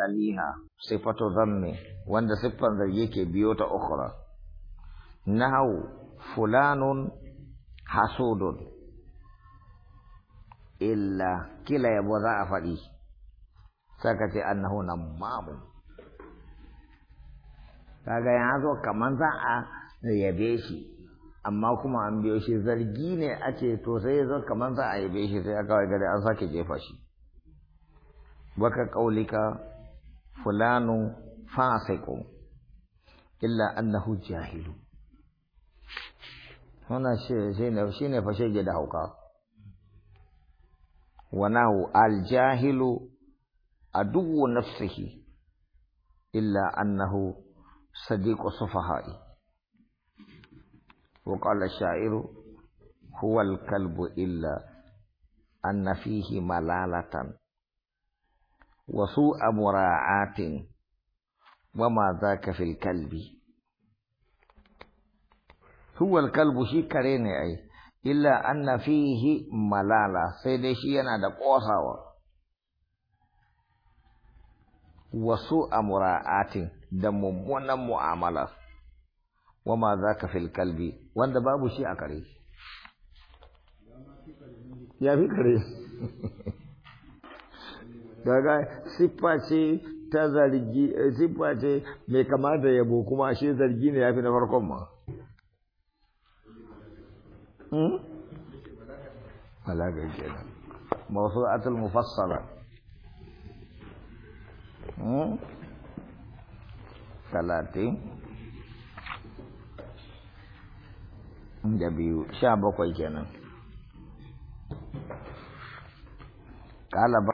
saliha sifatu zanni wanda siffan zargi yake biyo ta okra na hau fulanun hasudun illa kila yabo za a faɗi saka ce annahu na mamu kaga ya zo kamar za a yabe shi amma kuma an biyo shi zargi ne ake to sai ya zo kamar za a yabe shi sai aka ga gari an sake jefa shi baka kaulika فلان فاسق إلا أنه جاهل هنا شيء شيء فشيء جده قال ونهو الجاهل عدو نفسه إلا أنه صديق صفهائي وقال الشاعر هو الكلب إلا أن فيه ملالة وسوء مراعاة وما ذاك في الكلب هو الكلب شي كريني أي إلا أن فيه ملالة سيدي شي أنا دقوصاوة وسوء مراعاة da mummunan معاملة وما ذاك في الكلب وان kalbi wanda babu يا a kare daga siffa ce ta zargi eh, siffa ce mai kama da yabo kuma ashe zargi ne ya fi na farkon ma hmm? balaga kenan mawsu'atul mufassala hmm? talatin da biyu sha bakwai kenan ƙala